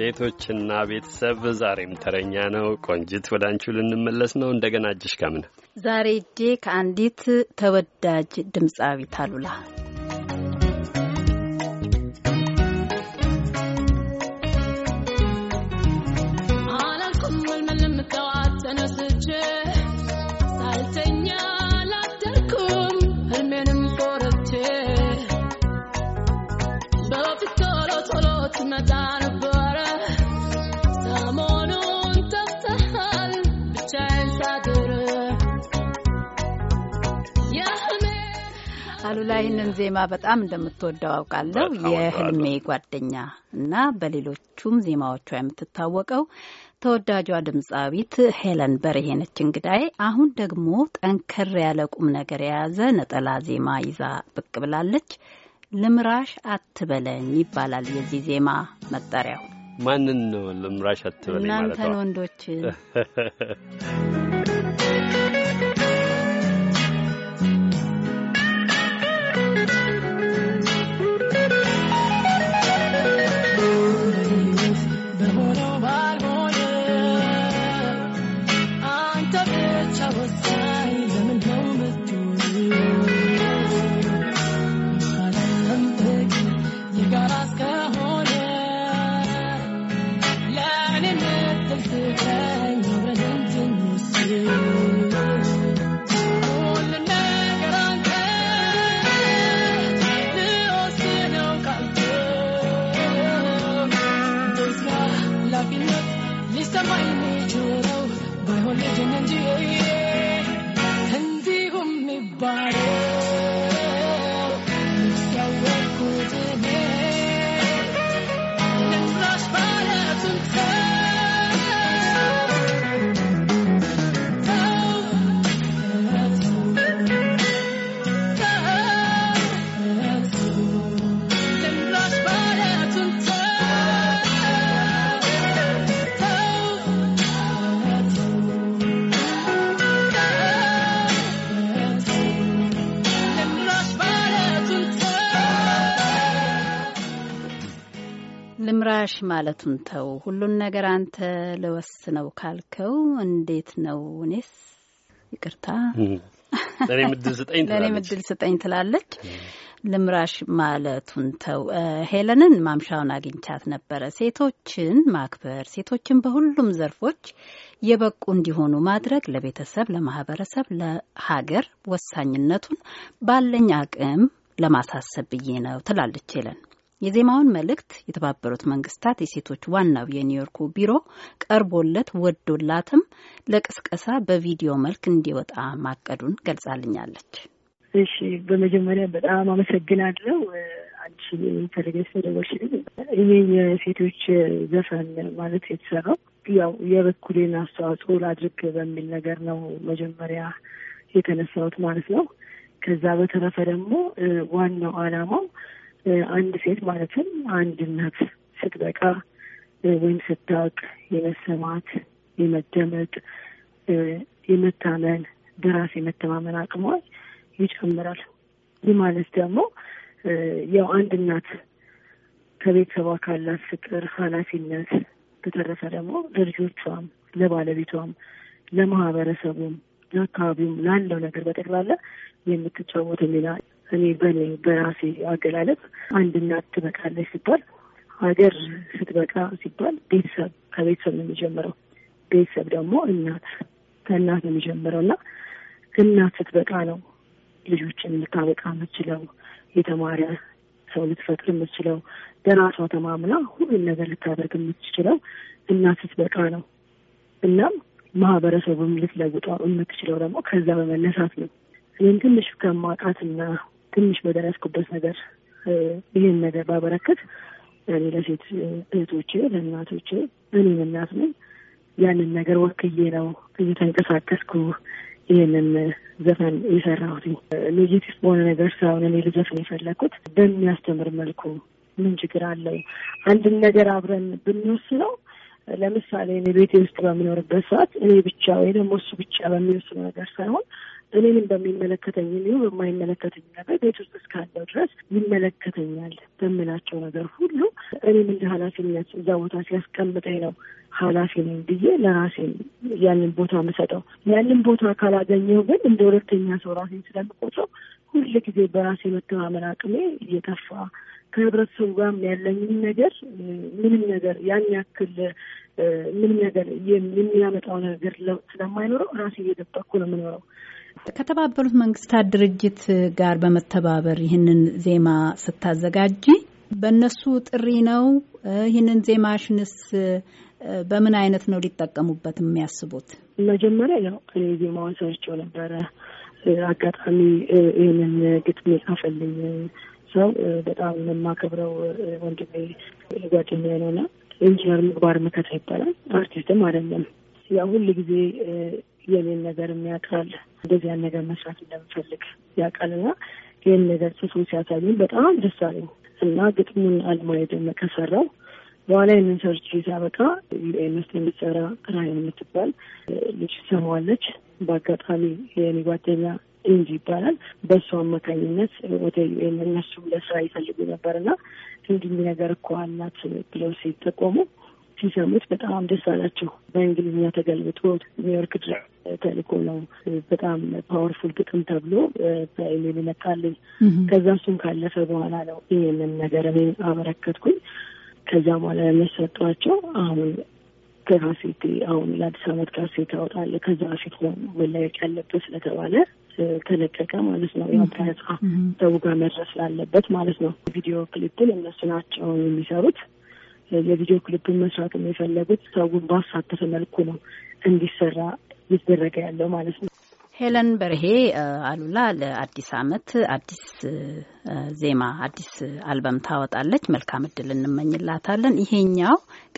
ሴቶችና ቤተሰብ ዛሬም ተረኛ ነው። ቆንጅት ወደ አንቺ ልንመለስ ነው። እንደገና እጅሽ ከምን ዛሬ እጄ ከአንዲት ተወዳጅ ድምፃዊት አሉላ አሉላ ይህንን ዜማ በጣም እንደምትወደው አውቃለሁ። የህልሜ ጓደኛ እና በሌሎቹም ዜማዎቿ የምትታወቀው ተወዳጇ ድምፃዊት ሄለን በርሄ ነች እንግዳዬ። አሁን ደግሞ ጠንከር ያለ ቁም ነገር የያዘ ነጠላ ዜማ ይዛ ብቅ ብላለች። ልምራሽ አትበለኝ ይባላል የዚህ ዜማ መጠሪያው። ማንን ነው ልምራሽ አትበለኝ ማለት ነው? እናንተን ወንዶች ልምራሽ ማለቱን ተው። ሁሉን ነገር አንተ ለወስነው ካልከው እንዴት ነው? እኔስ ይቅርታ ለእኔ ምድል ስጠኝ ትላለች። ልምራሽ ማለቱን ተው። ሄለንን ማምሻውን አግኝቻት ነበረ። ሴቶችን ማክበር፣ ሴቶችን በሁሉም ዘርፎች የበቁ እንዲሆኑ ማድረግ ለቤተሰብ፣ ለማህበረሰብ፣ ለሀገር ወሳኝነቱን ባለኝ አቅም ለማሳሰብ ብዬ ነው ትላለች ሄለን። የዜማውን መልእክት የተባበሩት መንግስታት የሴቶች ዋናው የኒውዮርኩ ቢሮ ቀርቦለት ወዶላትም ለቅስቀሳ በቪዲዮ መልክ እንዲወጣ ማቀዱን ገልጻልኛለች። እሺ፣ በመጀመሪያ በጣም አመሰግናለሁ። አንቺ ተደገስ ደቦች። ይሄ የሴቶች ዘፈን ማለት የተሰራው ያው የበኩሌን አስተዋጽኦ ላድርግ በሚል ነገር ነው መጀመሪያ የተነሳሁት ማለት ነው። ከዛ በተረፈ ደግሞ ዋናው አላማው አንድ ሴት ማለትም አንድ እናት ስትበቃ ወይም ስታውቅ የመሰማት የመደመጥ የመታመን በራስ የመተማመን አቅሟ ይጨምራል። ይህ ማለት ደግሞ ያው አንድ እናት ከቤተሰቧ ካላት ፍቅር፣ ኃላፊነት በተረፈ ደግሞ ለልጆቿም፣ ለባለቤቷም፣ ለማህበረሰቡም፣ ለአካባቢውም ላለው ነገር በጠቅላላ የምትጫወተው ሚና እኔ በኔ በራሴ አገላለጽ አንድ እናት ትበቃለች ሲባል ሀገር ስትበቃ ሲባል ቤተሰብ ከቤተሰብ ነው የሚጀምረው። ቤተሰብ ደግሞ እናት ከእናት ነው የሚጀምረው እና እናት ስትበቃ ነው ልጆችን ልታበቃ የምችለው የተማረ ሰው ልትፈጥር የምችለው በራሷ ተማምና ሁሉን ነገር ልታደርግ የምትችለው እናት ስትበቃ ነው። እናም ማህበረሰቡም ልትለውጠው የምትችለው ደግሞ ከዛ በመነሳት ነው። ይህን ትንሽ ከማውቃትና ትንሽ በደረስኩበት ነገር ይህን ነገር ባበረከት እኔ ለሴት እህቶቼ፣ ለእናቶቼ እኔም እናት ነኝ ያንን ነገር ወክዬ ነው እየተንቀሳቀስኩ ይህንን ዘፈን የሰራሁት። ኔጌቲቭ በሆነ ነገር ሳይሆን እኔ ልዘፍን የፈለግኩት በሚያስተምር መልኩ ምን ችግር አለው? አንድን ነገር አብረን ብንወስነው ለምሳሌ እኔ ቤቴ ውስጥ በምኖርበት ሰዓት እኔ ብቻ ወይ ደግሞ እሱ ብቻ በሚወስነው ነገር ሳይሆን እኔንም በሚመለከተኝ እንዲሁ በማይመለከተኝ ነገር ቤት ውስጥ እስካለው ድረስ ይመለከተኛል በምላቸው ነገር ሁሉ እኔም እንደ ኃላፊነት እዛ ቦታ ሲያስቀምጠኝ ነው ኃላፊ ነኝ ብዬ ለራሴ ያንን ቦታ የምሰጠው። ያንን ቦታ ካላገኘው ግን እንደ ሁለተኛ ሰው ራሴን ስለምቆጥረው ሁል ጊዜ በራሴ መተማመን አቅሜ እየጠፋ ከህብረተሰቡ ጋርም ያለኝን ነገር ምንም ነገር ያን ያክል ምንም ነገር የሚያመጣው ነገር ስለማይኖረው ራሴ እየጠበኩ ነው የምኖረው። ከተባበሩት መንግስታት ድርጅት ጋር በመተባበር ይህንን ዜማ ስታዘጋጂ በእነሱ ጥሪ ነው? ይህንን ዜማሽንስ በምን አይነት ነው ሊጠቀሙበት የሚያስቡት? መጀመሪያ ያው እኔ ዜማውን ሰርቼው ነበረ። አጋጣሚ ይህንን ግጥም የጻፈልኝ ሰው በጣም የማከብረው ወንድሜ ጓደኛ ነውና ኢንጂነር ምግባር መከታ ይባላል። አርቲስትም አይደለም። ያው ሁል ጊዜ የኔን ነገር የሚያውቃል ያን ነገር መስራት እንደምፈልግ ያውቃልና ይህን ነገር ጽፎ ሲያሳየኝ በጣም ደስ አለኝ እና ግጥሙን አልማ የደመቀ ሰራው። በኋላ ይህንን ሰርች ሲያበቃ ዩኤን ውስጥ የምትሰራ ራይን የምትባል ልጅ ሰማዋለች። በአጋጣሚ የኔ ጓደኛ እንጂ ይባላል። በእሱ አማካኝነት ወደ ዩኤን እነሱ ለስራ ይፈልጉ ነበር ነበርና እንዲህ ነገር እኮ አላት ብለው ሲጠቆሙ ሲሰሙት በጣም ደስ አላቸው። በእንግሊዝኛ ተገልብጦ ኒውዮርክ ድረስ ተልእኮ ነው። በጣም ፓወርፉል ግጥም ተብሎ በኢሜል ይመጣልኝ። ከዛ እሱም ካለፈ በኋላ ነው ይህንን ነገር እኔ አበረከትኩኝ። ከዛ በኋላ የሚሰጧቸው አሁን ከካሴቴ አሁን ለአዲስ ዓመት ካሴት ታወጣለህ። ከዛ በፊት መለቀቅ ያለበት ስለተባለ ተለቀቀ ማለት ነው። ያው ከነጻ ሰው ጋር መድረስ ላለበት ማለት ነው። ቪዲዮ ክሊፕን እነሱ ናቸው የሚሰሩት። የቪዲዮ ክሊፕን መስራት የሚፈለጉት ሰውን ባሳተፈ መልኩ ነው እንዲሰራ እየተደረገ ያለው ማለት ነው። ሄለን በርሄ አሉላ ለአዲስ አመት አዲስ ዜማ አዲስ አልበም ታወጣለች። መልካም እድል እንመኝላታለን። ይሄኛው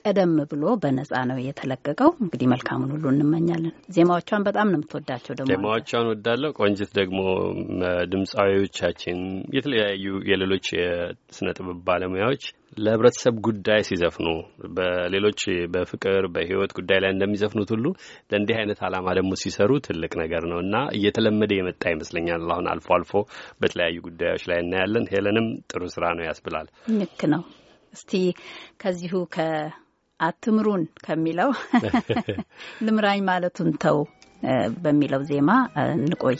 ቀደም ብሎ በነጻ ነው የተለቀቀው። እንግዲህ መልካሙን ሁሉ እንመኛለን። ዜማዎቿን በጣም ነው የምትወዳቸው። ደግሞ ዜማዎቿን ወዳለው ቆንጅት ደግሞ ድምፃዊዎቻችን፣ የተለያዩ የሌሎች የስነ ጥበብ ባለሙያዎች ለህብረተሰብ ጉዳይ ሲዘፍኑ በሌሎች በፍቅር በህይወት ጉዳይ ላይ እንደሚዘፍኑት ሁሉ ለእንዲህ አይነት አላማ ደግሞ ሲሰሩ ትልቅ ነገር ነው እና እየተለመደ የመጣ ይመስለኛል። አሁን አልፎ አልፎ በተለያዩ ጉዳዮች ላይ እናያለን። ሄለንም ጥሩ ስራ ነው ያስብላል። ልክ ነው። እስቲ ከዚሁ ከአትምሩን ከሚለው ልምራኝ ማለቱን ተው በሚለው ዜማ እንቆይ።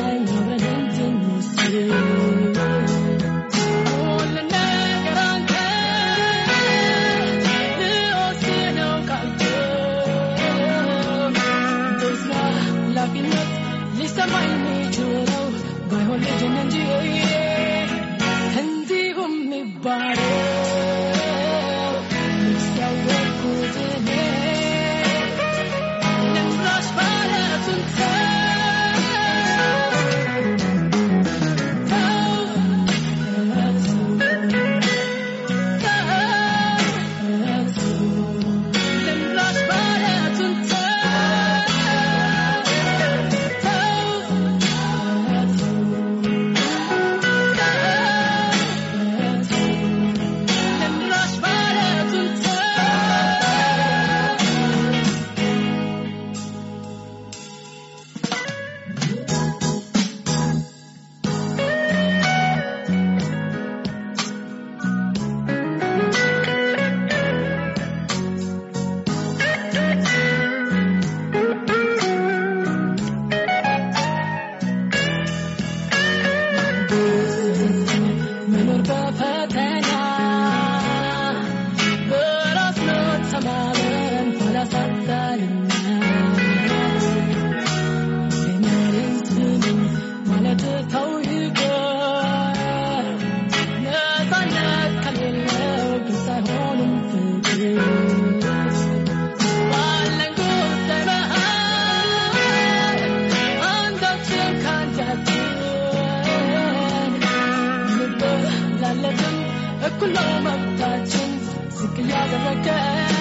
爱你。كل ما بتعجز ذكريات ركعت